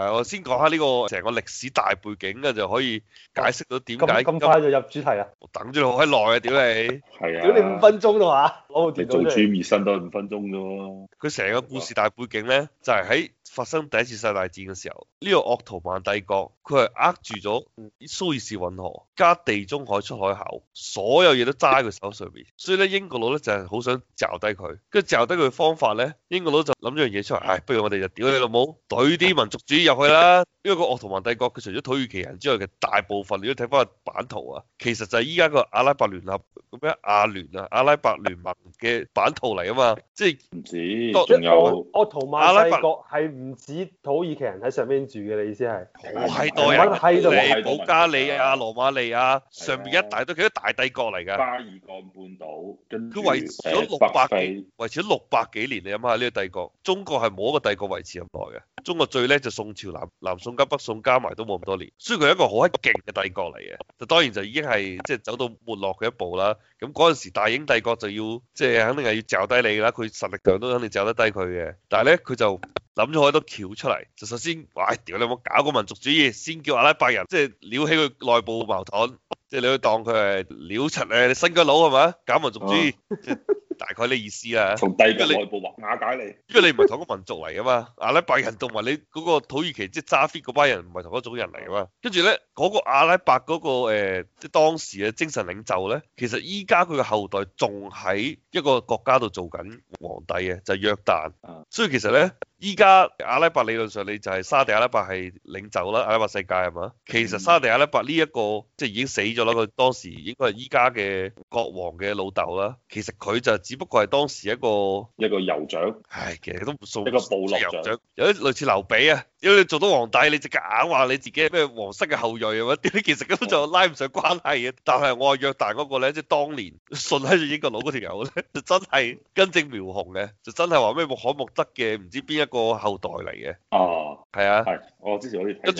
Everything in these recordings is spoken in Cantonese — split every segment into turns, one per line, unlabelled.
係，我先講下呢個成個歷史大背景嘅就可以解釋到點解咁快就入主題啦。我等咗好閪耐啊，屌你！係啊，屌你五分
鐘都話攞部電腦嚟做專熱身
都係五分鐘啫。佢成個故事大背景咧，就係喺，發生第一次世界大戰嘅時候，呢、這個鄂圖曼帝國佢係扼住咗蘇伊士運河加地中海出海口，所有嘢都揸喺佢手上邊，所以咧英國佬咧就係好想嚼低佢，跟住嚼低佢嘅方法咧，英國佬就諗咗樣嘢出嚟，唉、哎，不如我哋就屌你老母，懟啲民族主義入去啦，因、這、為個鄂圖曼帝國佢除咗土耳其人之外嘅大部分，你都睇翻個版圖啊，其實就係依家個阿拉伯聯合個咩啊聯啊阿拉伯聯盟嘅版圖嚟啊嘛，即係唔止，像仲我有
鄂圖曼帝國係。拉唔止土耳其人喺上邊住嘅，你意思係？好閪多人，馬、保
加利亞、羅馬利亞，的上邊一大堆，佢都大帝國嚟㗎。巴爾幹半島，佢維持咗六百幾，維持咗六百幾年。你諗下呢個帝國，中國係冇一個帝國維持咁耐嘅。中國最叻就宋朝，南南宋加北宋加埋都冇咁多年。所以佢係一個好閪勁嘅帝國嚟嘅。就當然就已經係即係走到沒落嘅一步啦。咁嗰陣時大英帝國就要即係、就是、肯定係要嚼低你啦。佢實力強都肯定嚼得低佢嘅。但係咧佢就諗咗好多橋出嚟，就首先，哇！屌你有冇搞個民族主義，先叫阿拉伯人即係撩起佢內部矛盾，即、就、係、是、你去當佢係撩柒咧，你新疆佬係嘛搞民族主義，啊、大概呢意思啊？從內部瓦解你，因為你唔係同個民族嚟噶嘛，阿拉伯人同埋你嗰個土耳其即係揸 fit 嗰班人唔係同一種人嚟噶嘛。跟住咧，嗰、那個阿拉伯嗰、那個即係、呃、當時嘅精神領袖咧，其實依家佢嘅後代仲喺一個國家度做緊皇帝嘅，就係、是、約旦。所以其實咧。依家阿拉伯理論上你就係沙地阿拉伯係領袖啦，阿拉伯世界係嘛？其實沙地阿拉伯呢、這、一個即係已經死咗啦，佢當時應該係依家嘅國王嘅老豆啦。其實佢就只不過係當時一個一個酋長，唉，其實都唔算一個部落酋長，長，有啲類似劉備啊。如果你做到皇帝，你即刻硬話你自己係咩皇室嘅後裔、啊，點解其實根本就拉唔上關係嘅、啊？但係我話約旦嗰個咧，即係當年信喺住英國佬嗰條友咧，就真係根正苗紅嘅，就真係話咩穆罕默德嘅唔知邊一？個後代嚟嘅，啊，係啊，係，我之前好似聽講，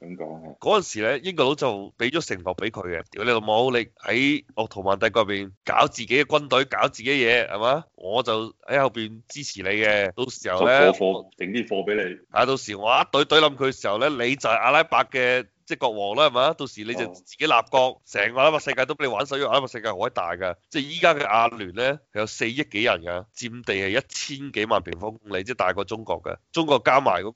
咁講嘅。嗰陣時咧，英國佬就俾咗承諾俾佢嘅，屌、啊、你老母，你喺奧圖曼帝國入邊搞自己嘅軍隊，搞自己嘢係嘛？我就喺後邊支持你嘅，到時候咧，貨整啲貨俾你。啊，到時我一隊隊冧佢嘅時候咧，你就係阿拉伯嘅。即係國王啦，係嘛？到時你就自己立國，成個阿拉伯世界都俾你玩水。阿拉伯世界好鬼大㗎，即係依家嘅阿聯咧，佢有四億幾人㗎，佔地係一千幾萬平方公里，即係大過中國嘅。中國加埋嗰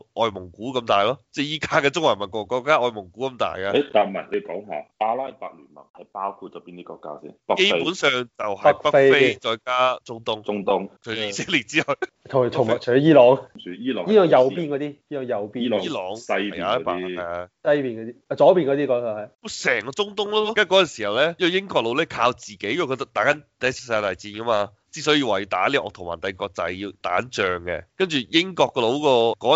個外蒙古咁大咯，即係依家嘅中華人民共和國加外蒙古咁大㗎。但唔係你講下阿拉伯聯盟係包括咗邊啲國家先？基本上就係北非再加中東。中
東除咗以色列，之外同同埋除咗伊朗。除、呢個、伊朗，伊朗右邊嗰啲，呢個右邊，伊朗西邊嗰啲。西邊嗰啲，左邊嗰啲講就係，成個中東咯，啊。跟
住嗰陣時候咧，因為英國佬咧靠自己，因為覺得打緊第一次世界大戰噶嘛，之所以話要打呢個鄂圖曼帝國就係要打仗嘅。跟住英國佬個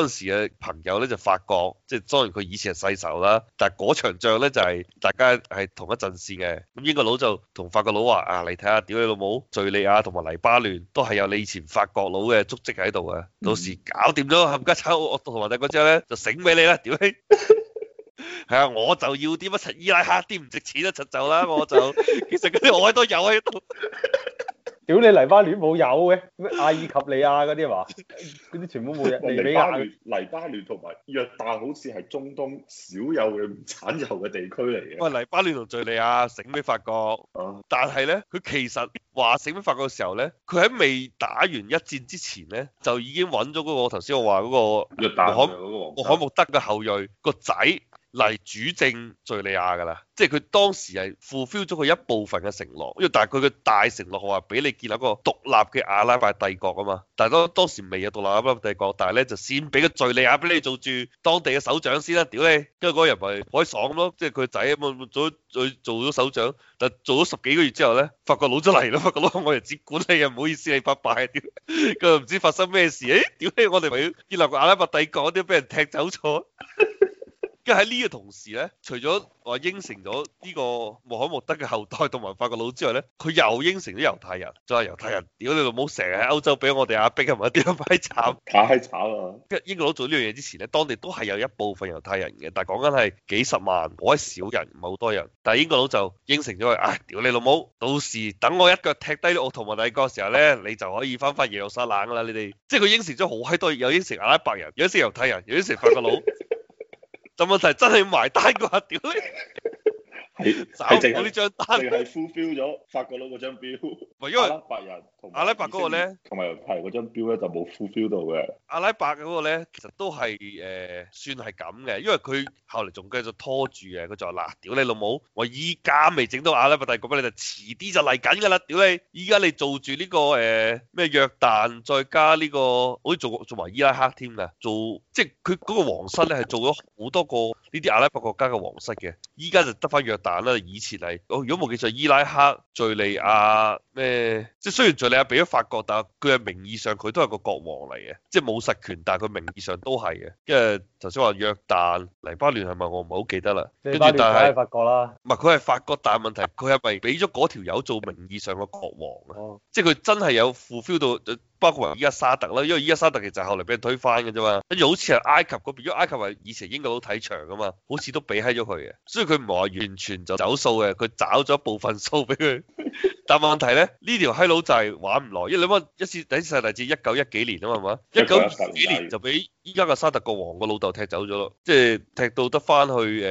嗰陣時嘅朋友咧就法國，即係當然佢以前係世仇啦。但係嗰場仗咧就係、是、大家係同一陣線嘅。咁英國佬就同法國佬話：啊，你睇下，屌你老母，敘利亞同埋黎巴嫩都係有你以前法國佬嘅足跡喺度啊！到時搞掂咗冚家鏟我鄂圖曼帝國之後咧，就醒俾你啦，屌啊？ 係啊，我就要啲乜什伊拉克啲唔值錢啦，什走啦，我就其實嗰啲我都有喺度。
屌你黎巴嫩冇油嘅咩？阿爾及利亞嗰啲係嘛？嗰啲全部冇油。黎巴嫩、
黎巴嫩同埋
約旦好似係中東少有嘅唔產油嘅地區嚟嘅。
喂，
黎巴嫩同敍利亞醒俾法國。但係咧，佢其實話醒俾法國嘅時候咧，佢喺未打完一戰之前咧，就已經揾咗嗰個頭先我話嗰個約旦嗰個王。海木德嘅後裔個仔。嚟主政敍利亞㗎啦，即係佢當時係 fulfill 咗佢一部分嘅承諾，因為但係佢嘅大承諾係話俾你建立一個獨立嘅阿拉伯帝國啊嘛，但係當當時未有獨立阿拉伯帝國，但係咧就先俾個敍利亞俾你做住當地嘅首長先啦，啊，屌你，跟住嗰人咪好爽咯，即係佢仔咁啊做咗做咗首長，但做咗十幾個月之後咧，發覺攞出嚟咯，發覺我哋只管理又唔好意思你 不拜，哎，屌，佢又唔知發生咩事，誒，屌你，我哋咪要建立個阿拉伯帝國，點俾人踢走咗？ 即喺呢個同時呢，除咗我應承咗呢個穆罕默德嘅後代同埋法國佬之外呢，佢又應承咗猶太人，再話猶太人，屌你老母，成日喺歐洲俾我哋壓逼，唔係點解咁閪慘？太慘啦！跟英國佬做呢樣嘢之前呢，當地都係有一部分猶太人嘅，但係講緊係幾十萬，好閪少人，唔係好多人。但係英國佬就應承咗佢，啊，屌你老母，到時等我一腳踢低咗奧圖曼帝國嘅時候呢，你就可以翻翻耶路撒冷噶啦，你哋。即係佢應承咗好閪多，有應承阿拉伯人，有應承猶太人，有應承法國佬。個問題真係埋單啩，屌你！係淨係呢張單，淨係 full fill 咗法國佬嗰張表。唔係 因為阿拉伯人同阿
拉伯嗰個咧，同埋係嗰張表咧就冇 full fill 到嘅。
阿拉伯嗰個咧其實都係誒、呃、算係咁嘅，因為佢後嚟仲繼續拖住嘅。佢就話嗱、啊，屌你老母，我依家未整到阿拉伯，但係咁你就遲啲就嚟緊㗎啦！屌你，依家你做住呢、這個誒咩約旦，再加呢、這個好似做做埋伊拉克添㗎，做即係佢嗰個皇室咧係做咗好多個。呢啲阿拉伯國家嘅皇室嘅，而家就得翻約旦啦。以前係，哦，如果冇記錯，伊拉克、敘利亞咩，即係雖然敘利亞畀咗法國，但係佢係名義上佢都係個國王嚟嘅，即係冇實權，但係佢名義上都係嘅，跟住。頭先話約旦黎巴嫩係咪，我唔係好記得啦？黎巴嫩係
法國啦，
唔係佢係法國，但係問題佢係咪俾咗嗰條友做名義上嘅國王啊？哦、即係佢真係有 fulfill 到，包括埋依家沙特啦，因為依家沙特其實就後嚟俾人推翻嘅啫嘛。跟住好似係埃及嗰邊，因為埃及係以前英國佬睇場噶嘛，好似都俾喺咗佢嘅，所以佢唔係話完全就走數嘅，佢找咗一部分數俾佢。 但問題咧，呢條閪佬就係玩唔嚟，因為你諗一次第一次世界大戰，一九一幾年啊嘛，一九幾年就俾依家嘅沙特國王個老豆踢走咗咯，即係踢到得翻去誒、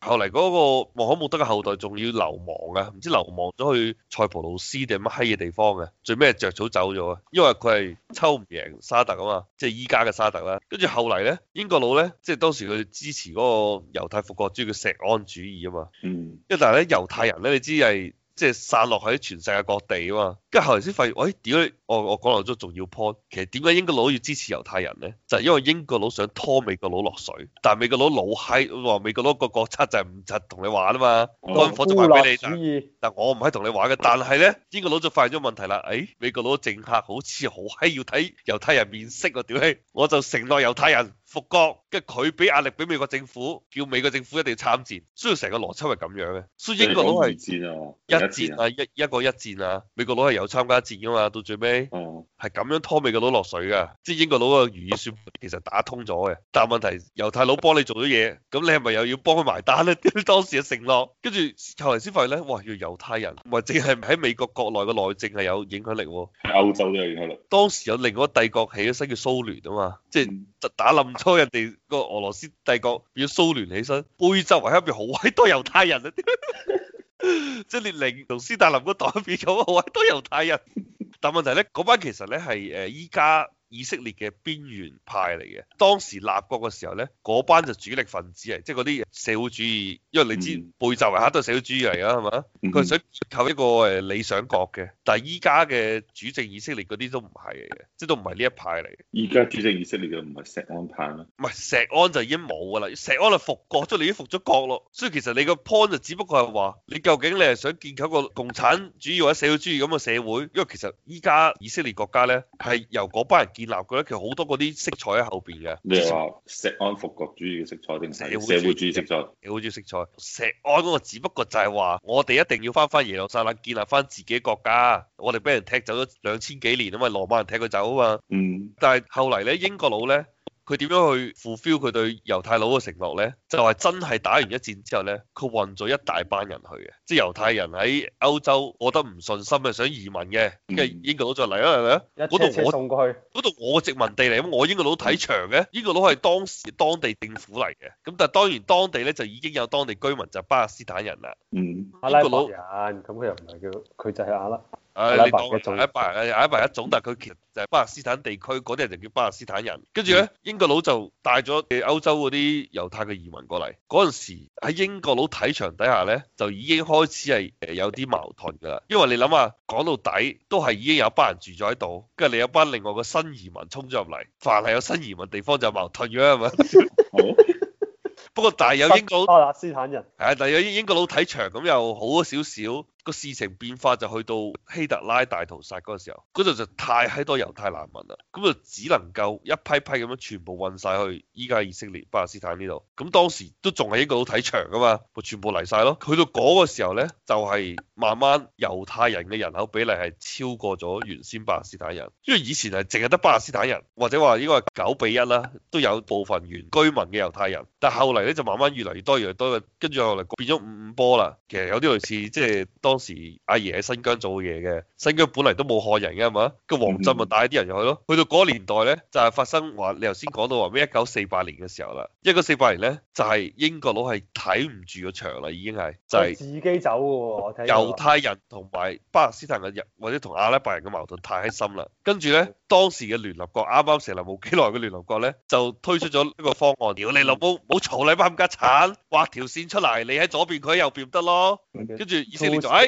呃，後嚟嗰個穆罕默德嘅後代仲要流亡啊，唔知流亡咗去塞浦路斯定乜閪嘅地方嘅，最尾係着草走咗啊，因為佢係抽唔贏沙特啊嘛，即係依家嘅沙特啦。跟住後嚟咧，英國佬咧，即係當時佢支持嗰個猶太復國主義叫錫安主義啊嘛，因為但係咧猶太人咧，你知係。即係散落喺全世界各地啊嘛，跟住後嚟先發現，喂、哎、點解我我講完咗仲要 point？其實點解英國佬要支持猶太人咧？就係、是、因為英國佬想拖美國佬落水，但係美國佬老閪話美國佬個國策就係唔柒同你玩啊嘛，軍火就賣俾你，但，但我唔係同你玩嘅。但係咧英國佬就發現咗問題啦，誒、哎、美國佬政客好似好閪要睇猶太人面色啊！屌閪，我就承諾猶太人。復國，跟住佢俾壓力俾美國政府，叫美國政府一定要參戰，所以成個邏輯係咁樣嘅。所以英國佬係一戰啊、嗯，一一個一戰啊，美國佬係有參加戰㗎嘛，到最尾係咁樣拖美國佬落水㗎。即係英國佬嘅如意算盤其實打通咗嘅，但係問題猶太佬幫你做咗嘢，咁你係咪又要幫佢埋單咧？ 當時嘅承諾，跟住後嚟先發現咧，哇，原來猶太人唔係淨係喺美國國內嘅內政係有影響力喎，歐洲都有影響力。當時有另外一個帝國起咗身叫蘇聯啊嘛，即就打冧。初人哋個俄羅斯帝國變咗蘇聯起身，背側圍起邊好鬼多猶太人啊！即係列寧同斯大林嗰代變咗好鬼多猶太人， 太人 但問題咧，嗰班其實咧係誒依家。以色列嘅邊緣派嚟嘅，當時立國嘅時候咧，嗰班就主力分子嚟，即係嗰啲社會主義，因為你知、嗯、背州人嚇都係社會主義嚟啊，係嘛？佢、嗯、想求一個誒理想國嘅，但係依家嘅主政以色列嗰啲都唔係嘅，即都唔係呢一派嚟嘅。
依家主政以色列嘅唔係錫安派
啦。唔係錫安就已經冇㗎啦，錫安就復國即你已經復咗國咯，所以其實你個 point 就只不過係話，你究竟你係想建構個共產主義或者社會主義咁嘅社會，因為其實依家以色列國家咧係由嗰班人。建立佢咧，其實好多嗰啲色彩喺後邊嘅。你話石安復國主義嘅色彩定
社社會主義色彩？
社會主義色彩。石安嗰個只不過就係話，我哋一定要翻翻耶路撒冷，建立翻自己國家。我哋俾人踢走咗兩千幾年啊嘛，羅馬人踢佢走啊嘛。嗯。但係後嚟咧，英國佬咧。佢點樣去 fulfill 佢對猶太佬嘅承諾咧？就係、是、真係打完一戰之後咧，佢運咗一大班人去嘅，即係猶太人喺歐洲我覺得唔信心啊，想移民嘅，跟英國佬再嚟啦，係咪啊？
嗰度我車車送過去，
嗰度我嘅殖民地嚟，咁我英國佬睇場嘅。英國佬係當時當地政府嚟嘅，咁但係當然當地咧就已經有當地居民就是、巴勒斯坦人啦，嗯、
人阿拉伯
人，咁
佢又唔係叫佢就係阿拉伯。誒，阿拉伯
一伯誒一種，但係佢其實就係巴勒斯坦地區嗰啲人就叫巴勒斯坦人。跟住咧，英國佬就帶咗誒歐洲嗰啲猶太嘅移民過嚟。嗰陣時喺英國佬體場底下咧，就已經開始係誒有啲矛盾㗎啦。因為你諗下，講到底都係已經有班人住咗喺度，跟住嚟一班另外嘅新移民衝咗入嚟，凡係有新移民地方就矛盾咗，係咪？ 不過，但係有英
國佬巴勒斯坦人，
誒，但係有英國佬體場咁又好咗少少。個事情變化就去到希特拉大屠殺嗰個時候，嗰度就太閪多猶太難民啦，咁就只能夠一批批咁樣全部運晒去依家以色列巴勒斯坦呢度。咁當時都仲係一個好睇場噶嘛，咪全部嚟晒咯。去到嗰個時候呢，就係慢慢猶太人嘅人口比例係超過咗原先巴勒斯坦人，因為以前係淨係得巴勒斯坦人，或者話應該係九比一啦，都有部分原居民嘅猶太人。但後嚟呢，就慢慢越嚟越多越嚟越多，跟住後嚟變咗五五波啦。其實有啲類似即係當。當時阿爺喺新疆做嘢嘅，新疆本嚟都冇漢人嘅，係嘛？個王振咪帶啲人入去咯。去到嗰年代咧，就係發生話你頭先講到話咩一九四八年嘅時候啦，一九四八年咧就係、是、英國佬係睇唔住個場啦，已經係就係自
己走嘅喎。猶太
人同埋巴勒斯坦嘅人，或者同阿拉伯人嘅矛盾太深啦。跟住咧當時嘅聯合國啱啱成立冇幾耐嘅聯合國咧，就推出咗呢個方案，屌你老母，冇嘈你班冚家鏟，劃條線出嚟，你喺左邊，佢喺右邊得咯。
跟住二四年就、哎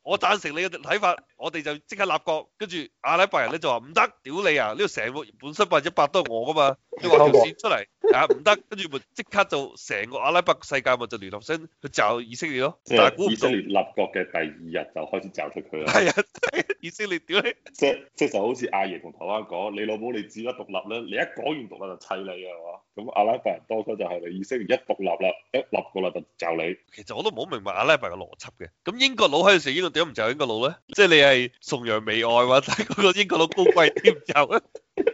我贊成你嘅睇法，我哋就即刻立國，跟住阿拉伯人咧就話唔得，屌你啊！呢個成個本身百分之百都係我噶嘛，
你畫條線
出嚟，啊唔得，跟住咪即刻就成個阿拉伯世界咪就聯合聲去驟以色列咯。即係是以色列
立國嘅第二日就開始驟出佢啦。係啊，
以色列屌你！
即即就好似阿爺同台灣講，你老母你自己獨立咧，你一講完獨立就砌你啊。咁阿拉伯人多數就係你以色列一獨立啦，一立個啦就驟你。
其實我都唔好明白阿拉伯人嘅邏輯嘅，咁英國佬喺度時英國。點唔就英國佬咧？即係你係崇洋媚外喎，睇嗰個英國佬高貴，點唔就咧。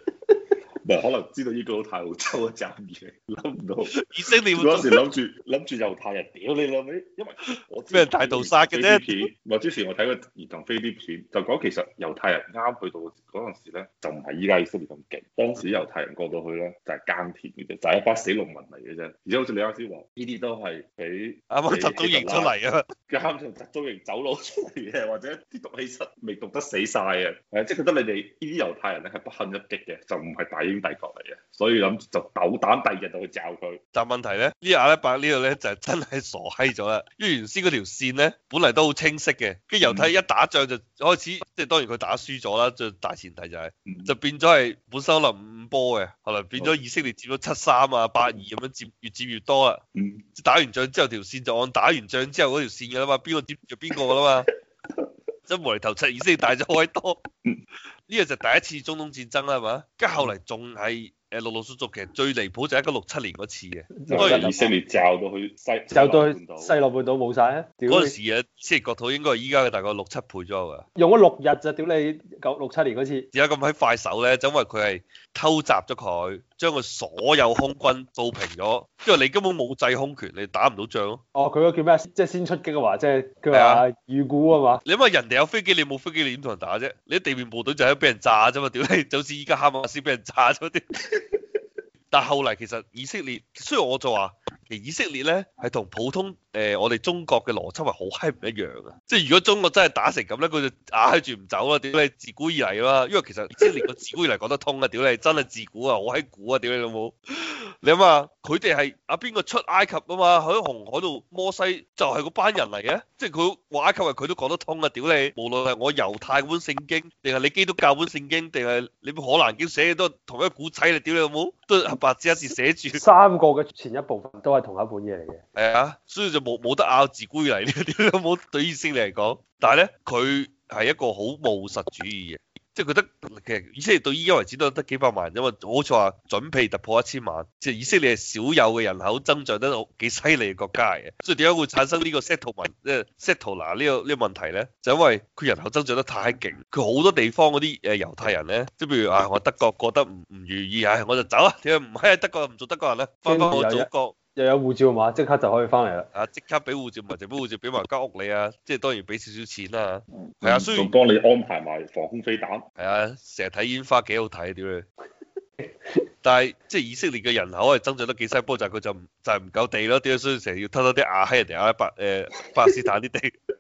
可能知道呢個太澳洲一陣嘢，諗唔到以色列好多時諗住諗住猶太人，
屌你老味，因為
我俾人大屠殺嘅啫。之前我之前我睇個兒童非編片，就講其實猶太人啱去到嗰陣時咧，就唔係依家以色列咁勁。當時猶太人過到去咧，就係、是、耕田嘅啫，就係、是、一班死農民嚟嘅啫。而且好似你啱先話，呢啲都係俾集中營出嚟啊，啱從集中營走佬出嚟嘅，或者啲毒氣室未毒得死晒啊。即、就、係、是、覺得你哋呢啲猶太人咧係不堪一擊嘅，就唔係抵。帝國嚟嘅，所以諗住就斗膽，第二日就去罩佢。
但問題咧，呢阿拉伯個呢度咧就係、真係傻閪咗啦。因為 原先嗰條線咧本嚟都好清晰嘅，跟住由第一打仗就開始，嗯、即係當然佢打輸咗啦。就係、大前提就係、係嗯、就變咗係本身落五,五波嘅，後來變咗以色列佔咗七三啊八二咁樣佔越佔越多啦，嗯。打完仗之後條線就按打完仗之後嗰條線嘅啦嘛，邊個佔住邊個嘅啦嘛，即係無釐頭七，以色列大咗好多。 呢個就係第一次中東戰爭啦，係嘛？跟住後嚟仲係。誒，陸陸續續其實最離譜就係一個六七年嗰次嘅，因為以色列炸到去西到去西
奈半島冇晒啊！嗰陣時
啊，以色列國土應該係依家嘅大概六七倍左右噶。
用咗六日就屌你九六七年嗰次。而家咁喺
快手咧，就因為佢係偷襲咗佢，將佢所有空軍做平咗，因為你根本冇制空權，你打唔到仗，
啊，哦，佢個叫咩？即係先出擊嘅，啊，嘛，即係佢話預估啊嘛。
你話人哋有飛機，你冇飛機，你點同人打啫？你地面部隊就喺俾人炸啫嘛！屌你，就好似依家哈馬斯俾人炸咗啲。 但後嚟其實以色列，雖然我就話。以色列咧係同普通誒、呃、我哋中國嘅邏輯係好閪唔一樣嘅，即係如果中國真係打成咁咧，佢就咬住唔走啦。屌你自古以嚟啦？因為其實即係以色列個自古以嚟講得通啊！屌你真係自古啊，我喺古啊！屌你老母，你諗下，佢哋係阿邊個出埃及啊嘛？喺紅海度摩西就係嗰班人嚟嘅，即係佢話埃及係佢都講得通啊！屌你，無論係我猶太本聖經，定係你基督教本聖經，定係你乜可蘭經寫嘅都係同一古仔，你屌你老母，都係白紙一紙寫
住三個嘅前一部分都
係同一本嘢嚟嘅，係啊，所以就冇冇得拗，自古以嚟呢個點都冇對以色列嚟講。但係咧，佢係一個好務實主義嘅，即係覺得其實以色列到依家為止都得幾百萬啫嘛。好似話準備突破一千萬，即係以色列係少有嘅人口增長得好幾犀利嘅國家嚟嘅。所以點解會產生呢個 settlement 即係 settlement 呢個呢、呢個問題咧？就因為佢人口增長得太勁，佢好多地方嗰啲誒猶太人咧，即係譬如啊、哎，我德國覺得唔唔如意啊，我就走啊。點啊？唔係啊，德國唔做德國人啦，翻返我祖國。
又有護照嘛，即刻就可以翻嚟啦！
啊，即刻俾護照，唔係淨俾護照，俾埋間屋你啊，即係當然俾少少錢啦。
係啊，仲幫、嗯、然你
安排埋防空飛彈。係啊，成日睇煙花幾好睇啊！點咧？但係即係以色列嘅人口係增長得幾犀波，就係佢就唔就係唔夠地咯。點啊？所以成日要偷偷啲壓喺人哋啊巴誒、呃、巴勒斯坦啲地。